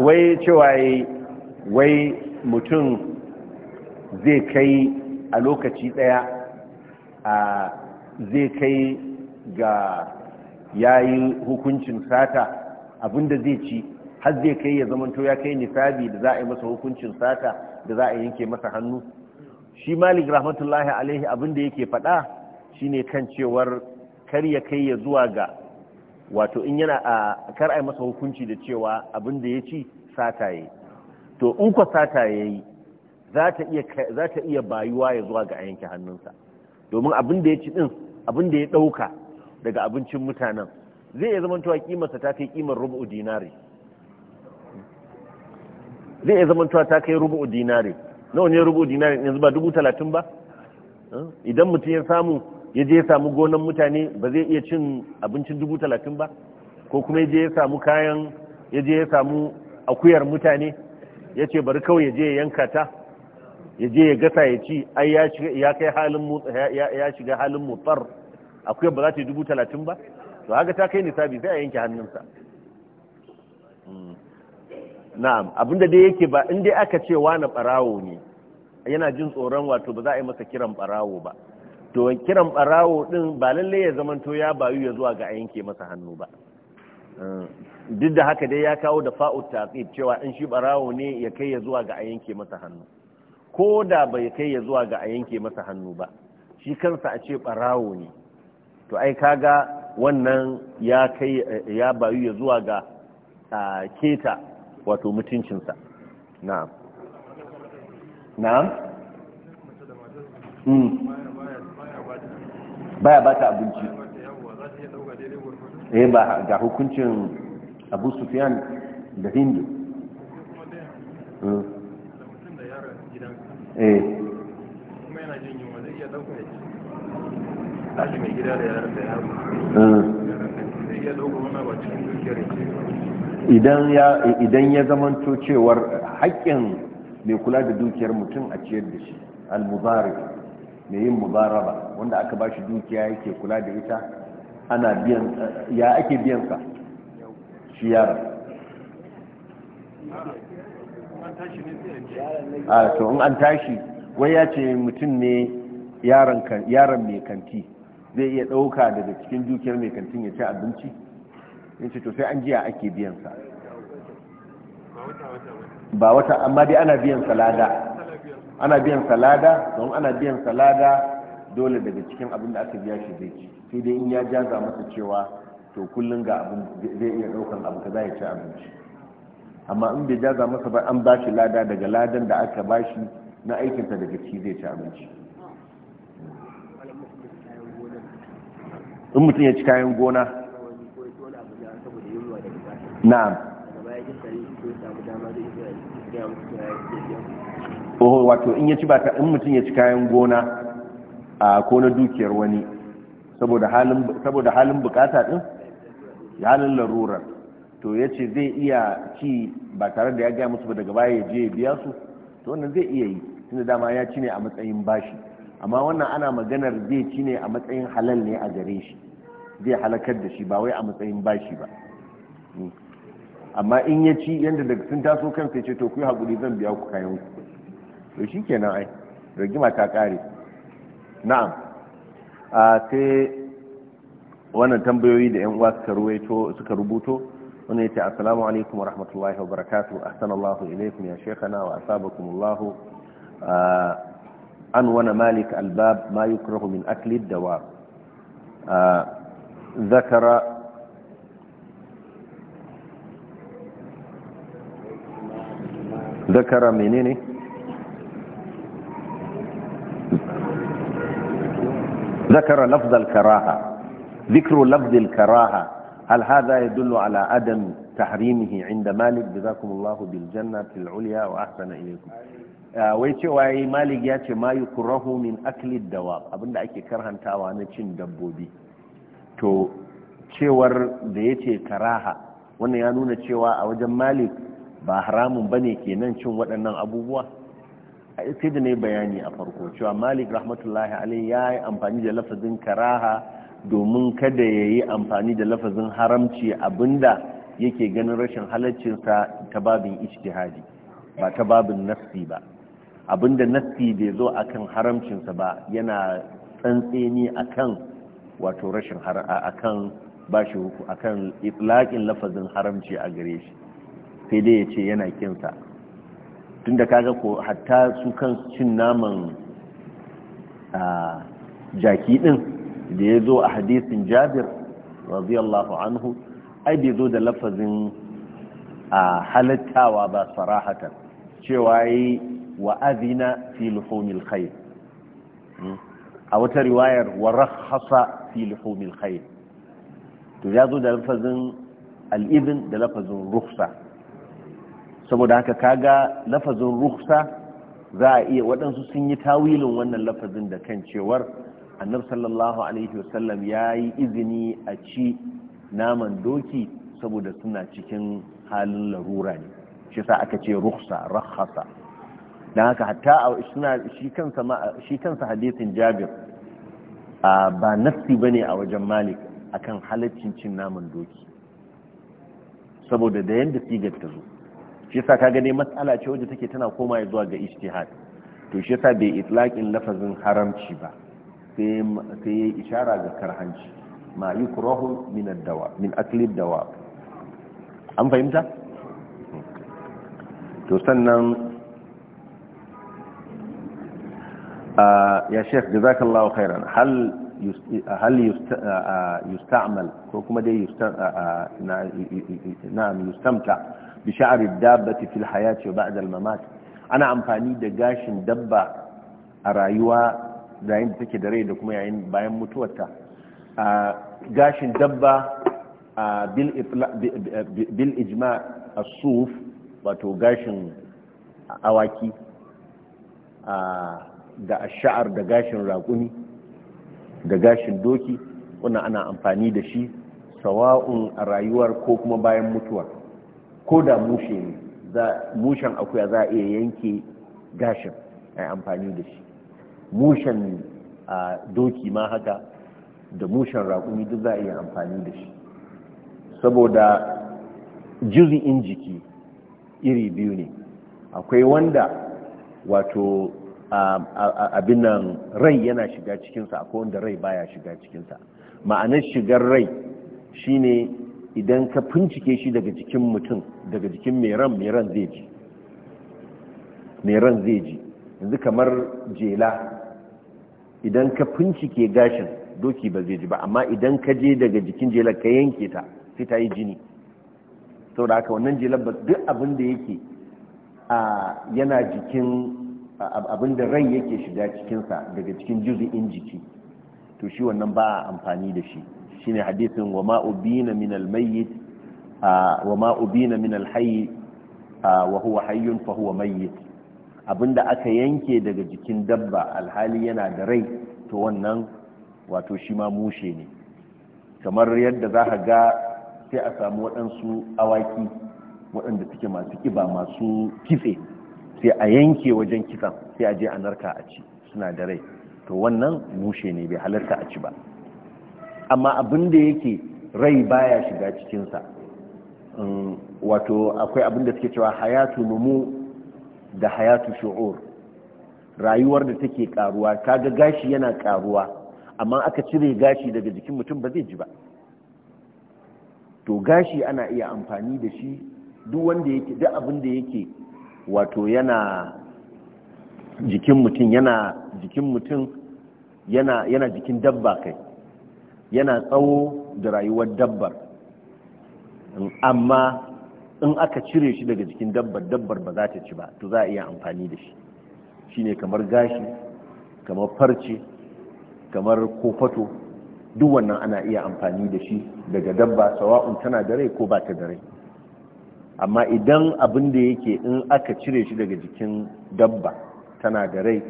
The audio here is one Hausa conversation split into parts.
wai cewa wai mutum zai kai a lokaci daya zai kai ga yayi hukuncin sata abinda zai ci har zai kai ya zamanto ya kai nisabi da za a yi masa hukuncin sata da za a yanke masa hannu shi malik rahmatullahi alaihi abinda yake faɗa shine kan cewar kar ya kai ya zuwa ga wato in yana a kar ai masa hukunci da cewa abin da ya ci sata ya to in kwa sata ya yi za ta iya bayuwa ya zuwa ga yanke hannunsa domin abin da ya ci din abin da ya ɗauka daga abincin mutanen zai iya zamantowa kimarsa ta kai kimar rubu dinari zai iya zamantowa ta kai rubu dinari nawa ne rubu dinari yanzu ba dubu talatin ba idan mutum ya samu ya je ya samu gonan mutane ba zai iya cin abincin dubu talatin ba ko kuma ya je ya samu kayan ya je ya samu akuyar mutane ya ce bari kawai ya je ya yanka ta ya je ya gasa ya ci ai ya kai halin ya shiga halin mutar akuyar ba za ta yi dubu talatin ba to haka ta kai nisabi sai a yanke hannunsa hmm. na'am abinda dai yake ba in dai aka ce wani barawo ne yana jin tsoron wato ba za a yi masa kiran barawo ba to kiran barawo din ba lalle ya zamanto ya bayu ya zuwa ga yanke masa hannu ba duk da haka dai ya kawo da fa'u taqib cewa in shi barawo ne ya kai ya zuwa ga yanke masa hannu ko da bai kai ya zuwa ga yanke masa hannu ba shi kansa a ce barawo ne to ai kaga wannan ya kai ya bayu ya zuwa ga keta wato mutuncinsa na'am na'am hmm. baya ba ta abinci eh ba ga hukuncin abu sufyan da hindu hmm. Eh. Hmm. idan ya idan zamanto cewar haƙƙin mai kula da dukiyar mutum a ciyar da shi al-mubarak mai yin mubaraba wanda aka ba shi dukiya yake kula da ita ana biyan ya ake biyan ka, shi yara a to in an tashi wai ya ce mutum ne yaron mai kanti zai iya ɗauka daga cikin dukiyar mai kantin ya ci abinci in ce to sai an jiya ake biyan sa ba wata amma dai ana biyan sa lada ana biyan salada don ana biyan salada dole daga cikin abin da aka biya shi zai ci sai dai in ya jaza masa cewa to kullum ga abin zai iya daukan abu kaza ya ci abinci amma in bai jaza masa ba an ba shi lada daga ladan da aka ba shi na aikinsa daga ci zai ci abinci in mutum ya ci kayan gona na'am tsohon wato in ya ci in mutum ya ci kayan gona a ko na dukiyar wani saboda halin bukata din halin larurar to ya zai iya ci ba tare da ya gaya musu ba daga baya ya je ya biya su to wannan zai iya yi tunda dama ya ci ne a matsayin bashi amma wannan ana maganar zai ci ne a matsayin halal ne a gare shi zai halakar da shi ba wai a matsayin bashi ba hmm. amma in ya ci yadda daga sun taso kansa ya ce to ku yi haƙuri zan biya ku kayan ku to shi kenan ai rigima ta kare na'am a sai wannan tambayoyi da yan uwa suka ruwaito suka rubuto wannan yace assalamu alaikum wa rahmatullahi wa barakatu ahsanallahu ilaykum ya shaykhana wa Allahu. an wana malik albab ma yukrahu min akli dawa Zakara ذكر منين ذكر لفظ الكراهة ذكر لفظ الكراهة هل هذا يدل على عدم تحريمه عند مالك جزاكم الله بالجنة العليا وأحسن إليكم wai cewa yi malik ya ce mayu yi kurahu min aklid dawa abinda ake karhantawa na cin dabbobi to cewar da ya ce karaha wannan ya nuna cewa a wajen malik ba haramun ba ne kenan cin waɗannan abubuwa sai da ne bayani a farko cewa malik rahmatullahi alai ya yi amfani da lafazin karaha domin kada ya yi amfani da lafazin haramci abinda yake ganin rashin halaccinsa ta babin ijtihadi ba ta babin nassi ba abinda nassi bai zo akan haramcinsa ba yana tsantseni akan wato rashin akan bashi huku akan itlaqin lafazin haramci a gare shi sai dai ya ce yana kinsa tun da kaga ko hatta su kan cin naman jaki din da ya zo a hadisin jabir radiyallahu anhu ai bai zo da lafazin a halittawa ba sarahatan cewa yi wa azina fi luhumil kai. Hmm? a wata riwayar wa rakhasa fi luhumil kai. to ya zo da lafazin al da lafazin rufsa saboda haka kaga lafazin ruksa za a iya waɗansu sun yi tawilin wannan lafazin da kan cewar annab sallallahu alaihi wasallam ya yi izini a ci naman doki saboda suna cikin halin larura ne shi sa aka ce ruksa rahasa don haka hatta shi kansa hadisin jabir ba nassi ba ne a wajen malik akan halaccin cin naman doki saboda da yadda sigar ta zo shi sa kaga dai matsala ce wajen take tana koma zuwa ga ijtihad to shi sa bai itlaqin lafazin haramci ba sai sai yi ishara ga karhanci ma yukrahu min ad-dawa min akli dawa an fahimta to sannan ya sheikh jazakallahu kairan hal hal yusta'mal ko kuma dai na'am yustamta bi sha'arid dabbati fil hayati wa ba'da al mamat ana amfani da gashin dabba a rayuwa yayin da take da rai da kuma yayin bayan mutuwarta gashin dabba bil ijma as-suf wato gashin awaki da asha'ar da gashin raƙumi da gashin doki wannan ana amfani da shi sawa'un a rayuwar ko kuma bayan mutuwa ko da mushe ne mushen akuya za a iya yanke gashin a amfani da shi mushen a doki ma haka da mushen raƙumi duk za a iya amfani da shi saboda juzi'in jiki iri biyu ne akwai wanda wato abin nan rai yana shiga cikinsa akwai wanda rai baya shiga cikinsa ma'anar shigar rai shine idan ka fincike shi daga jikin mutum daga jikin mai meran zai ji meran zai ji yanzu kamar jela idan ka fincike gashin doki ba zai ji ba amma idan ka je daga jikin jela, ka yanke ta sai ta yi jini sau da haka wannan jelar ba duk abin da yake yana jikin abin da rai yake shiga cikinsa daga cikin juzu'in jiki to shi wannan ba amfani da shi shine hadisin wa ma ubina min almayyit wa ma min alhayy wa huwa hayyun fa huwa mayyit abinda aka yanke daga jikin dabba alhali yana da rai to wannan wato shi ma mushe ne kamar yadda za ka ga sai a samu waɗansu awaki waɗanda suke masu kiba masu kitse sai a yanke wajen kitsan sai a je a narka a ci suna da rai to wannan mushe ne bai halarta a ci ba amma abin da yake rai baya shiga cikinsa um, wato akwai abin da suke cewa hayatu numu da hayatu shu'ur rayuwar da take karuwa kaga gashi yana karuwa amma aka cire gashi daga jikin mutum ba zai ji ba to gashi ana iya amfani da shi duk wanda yake duk abin da yake wato yana jikin mutum yana jikin mutum yana yana jikin dabba kai yana tsawo da rayuwar dabbar amma in aka cire shi daga jikin dabbar dabbar ba za ta ci ba to za a iya amfani da shi Shi ne kamar gashi kamar farce kamar kofato duk wannan ana iya amfani da shi daga dabba sawa'un tana da rai ko ba ta da rai amma idan abin da yake in aka cire shi daga jikin dabba tana da rai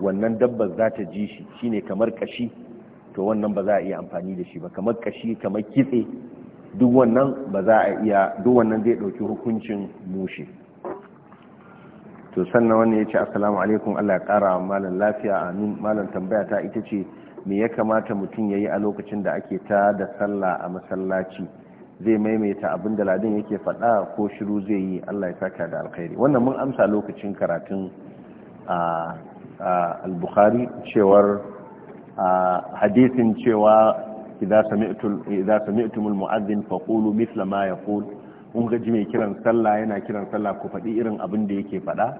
wannan dabbar za ta ji shi shi ne kamar kashi to wannan ba za a iya amfani da shi ba kamar kashi kamar kitse duk wannan ba za a iya duk wannan zai dauki hukuncin mushe to sannan wannan ya ce assalamu alaikum Allah ya kara wa malam lafiya amin malam tambaya ta ita ce me ya kamata mutum yayi a lokacin da ake ta da sallah a masallaci zai maimaita abin da ladin yake faɗa ko shiru zai yi Allah ya saka da alkhairi wannan mun amsa lokacin karatun al-bukhari cewar A hadisin cewa idza sami'tum idza sami'tumul mu'adhdhin faqulu mithla ma yaqul in ga mai kiran sallah yana kiran sallah ku faɗi irin abin da yake faɗa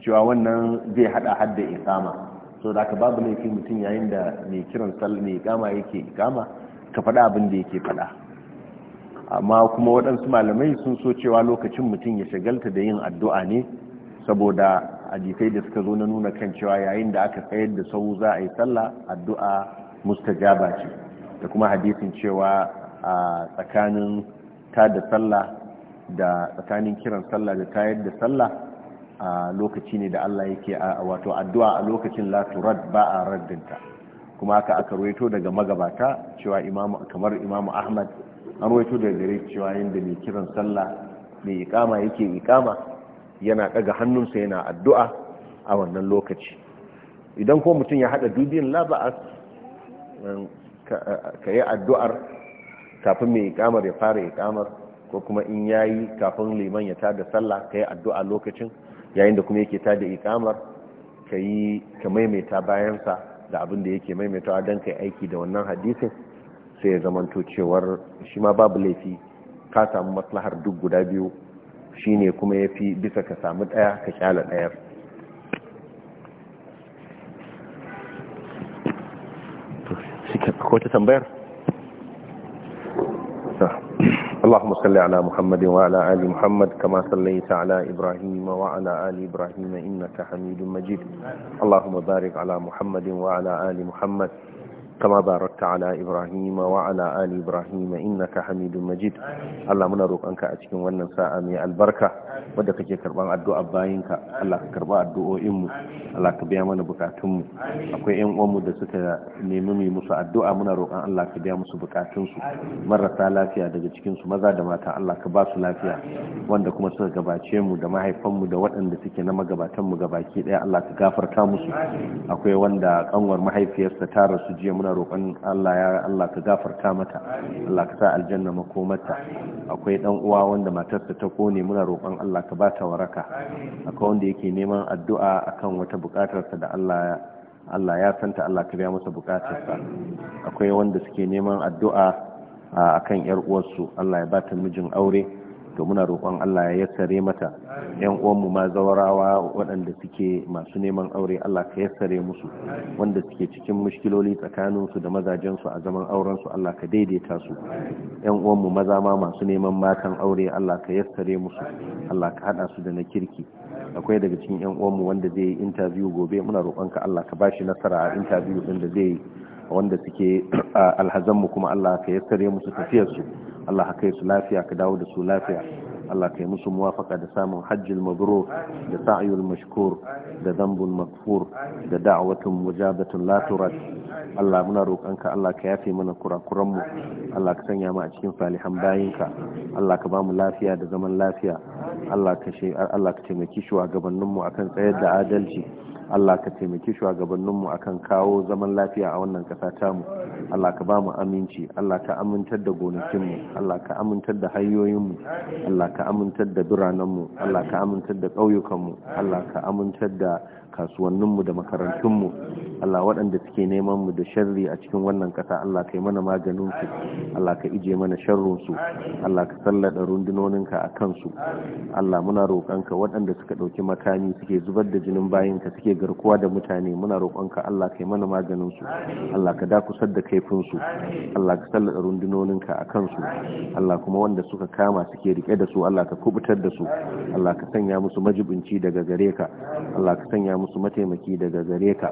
cewa wannan zai hada hadda iqama so da ka babu laifin mutum yayin da mai kiran sallah mai iqama yake iqama ka faɗa abin da yake faɗa amma kuma waɗansu malamai sun so cewa lokacin mutum ya shagalta da yin addu'a ne saboda hadisai da suka zo na nuna kan cewa yayin da aka tsayar da sau za a yi sallah addu'a mustajaba ce da kuma hadisin cewa a tsakanin ta da sallah da tsakanin kiran sallah da tayar da sallah a lokaci ne da Allah yake a wato addu'a a lokacin la turad ba a raddinta kuma haka aka ruwaito daga magabata cewa imamu kamar imamu Ahmad an ruwaito daga gare cewa yanda mai kiran sallah mai ikama yake ikama yana daga hannunsa yana addu'a a wannan lokaci idan ko mutum ya hada dubin laba'as ka yi addu'ar kafin mai ikamar ya fara ikamar ko kuma in ya yi kafin liman ya tada sallah ka yi addu'a lokacin yayin da kuma yake tada ikamar ka yi ka maimaita bayansa da abin da yake maimaitawa don ka yi aiki da wannan hadisin sai ya zamanto cewar shi ma babu laifi ka samu maslahar duk guda biyu shine kuma yafi bisa ka samu daya ka kyala daya ko ta tambayar اللهم صل على محمد وعلى آل محمد كما صليت على إبراهيم وعلى آل إبراهيم إنك حميد مجيد اللهم بارك على محمد وعلى آل محمد كما باركت على إبراهيم وعلى آل إبراهيم إنك حميد مجيد الله منا روقانك أتكين وانا ساعة مي البركة ودك جي كربان الدعاء باينك الله كربان الدعاء إمو الله كبيا منا بكاتم أكوي إم أمو دسك نممي مسا الدعاء منا روقان الله كبيا مسو بكاتم مرة لافيا دك جيكين سو مزا دماتا الله كباس لافيا وانا كما سوى gabace mu da mahaifanmu da waɗanda suke na magabatanmu gabaki ɗaya Allah ka gafarta musu akwai wanda kanwar mahaifiyarsa ta rasu jiya muna muna roƙon Allah ya Allah ka gafarta mata Allah ka sa aljanna makomarta akwai dan uwa wanda matarsa ta kone muna roƙon Allah ka bata waraka akwai wanda yake neman addu'a akan wata sa da Allah Allah ya santa Allah ka biya masa bukatarsa akwai wanda suke neman addu'a akan yar uwarsu Allah ya bata mijin aure to muna roƙon Allah ya yassare mata yan uwanmu ma zawarawa waɗanda suke masu neman aure Allah ka yassare musu wanda suke cikin mushkiloli tsakanin su da mazajen su a zaman auren su Allah ka daidaita su yan uwanmu maza ma masu neman matan aure Allah ka yassare musu Allah ka hada su da na kirki akwai daga cikin yan uwanmu wanda zai yi interview gobe muna roƙonka Allah ka bashi nasara a interview din da zai yi wanda suke alhazanmu kuma Allah ka yassare musu tafiyarsu Allah ka yi su lafiya ka dawo da su lafiya Allah ka yi musu muwafaka da samun hajjil mabrur da sa'yul mashkur da zambun maghfur da da'watun mujabatun la turad Allah muna roƙonka Allah ka yafe mana kurakuranmu Allah ka sanya mu a cikin salihan bayinka Allah ka ba mu lafiya da zaman lafiya Allah ka Allah ka taimaki a akan tsayar da adalci Allah ka taimaki shugabanninmu akan kawo zaman lafiya a wannan ƙasa tamu Allah ka ba mu aminci Allah ka amintar da gonakinmu Allah ka amintar da hanyoyinmu Allah ka amintar da biranenmu Allah ka amintar da ƙauyukanmu Allah ka amintar da kasuwanninmu da makarantunmu Allah waɗanda suke neman mu da sharri a cikin wannan ƙasa Allah ka yi mana maganinsu. Allah ka ije mana sharrunsu. Allah ka sallada rundunoninka a kansu Allah muna roƙonka waɗanda suka ɗauki makami suke zubar da jinin bayinka suke garkuwa da mutane muna roƙonka Allah kai mana maganin su Allah ka dakusar da kaifin su Allah ka sallada rundunoninka a kansu Allah kuma wanda suka kama suke rike da su Allah ka kubutar da su Allah ka sanya musu majibinci daga gare ka Allah ka sanya musu mataimaki daga gare ka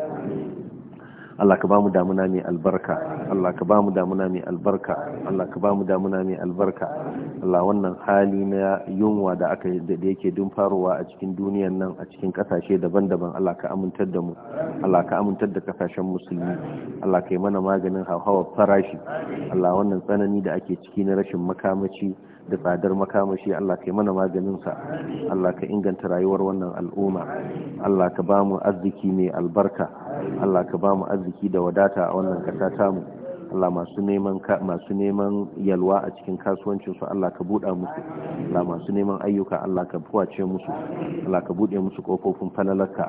Allah ka bamu damuna mai albarka Allah ka bamu damuna mai albarka Allah ka bamu damuna mai albarka Allah wannan hali na yunwa da aka da yake dun faruwa a cikin duniyar nan a cikin kasashe daban-daban Allah ka amintar da mu Allah ka amintar da kasashen musulmi Allah ka yi mana maganin hawa farashi Allah wannan tsanani da ake ciki na rashin makamaci da tsadar makamashi Allah ka yi mana maganinsa Allah ka inganta rayuwar wannan al'umma Allah ka ba mu arziki mai albarka Allah ka ba mu arziki da wadata a wannan ƙasa tamu Allah masu neman masu neman yalwa a cikin kasuwancin su Allah ka buɗa musu Allah masu neman ayyuka Allah ka fuwace musu Allah ka buɗe musu kofofin falalarka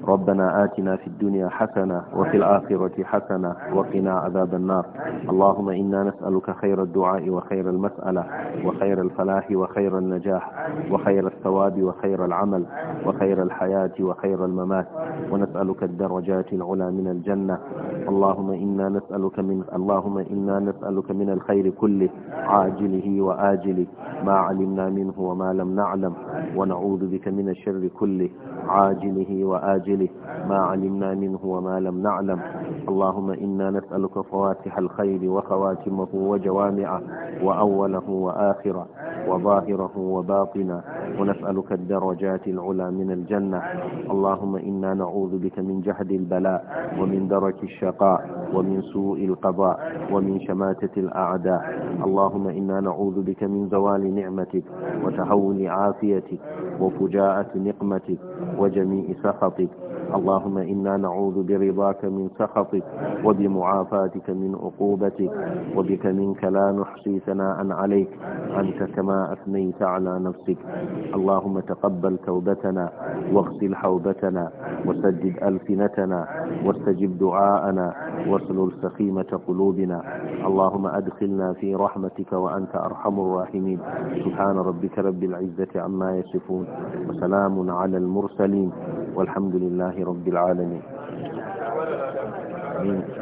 ربنا آتنا في الدنيا حسنة وفي الآخرة حسنة وقنا عذاب النار اللهم إنا نسألك خير الدعاء وخير المسألة وخير الفلاح وخير النجاح وخير الثواب وخير العمل وخير الحياة وخير الممات ونسألك الدرجات العلى من الجنة اللهم إنا نسألك من اللهم إنا نسألك من الخير كله عاجله وآجله ما علمنا منه وما لم نعلم ونعوذ بك من الشر كله عاجله وآجله ما علمنا منه وما لم نعلم اللهم إنا نسألك فواتح الخير وخواتمه وجوامعه وأوله وآخره وظاهره وباطنه ونسألك الدرجات العلى من الجنة اللهم إنا نعوذ بك من جهد البلاء ومن درك الشقاء ومن سوء القضاء ومن شماتة الأعداء اللهم إنا نعوذ بك من زوال نعمتك وتهول عافيتك وفجاءة نقمتك وجميع سخطك اللهم إنا نعوذ برضاك من سخطك وبمعافاتك من عقوبتك وبك منك لا نحصي ثناء عليك أنت كما أثنيت على نفسك اللهم تقبل توبتنا واغسل حوبتنا وسدد ألسنتنا واستجب دعاءنا واسلل سخيمة قلوبنا اللهم أدخلنا في رحمتك وأنت أرحم الراحمين سبحان ربك رب العزة عما يصفون وسلام على المرسلين والحمد لله رب العالمين آمين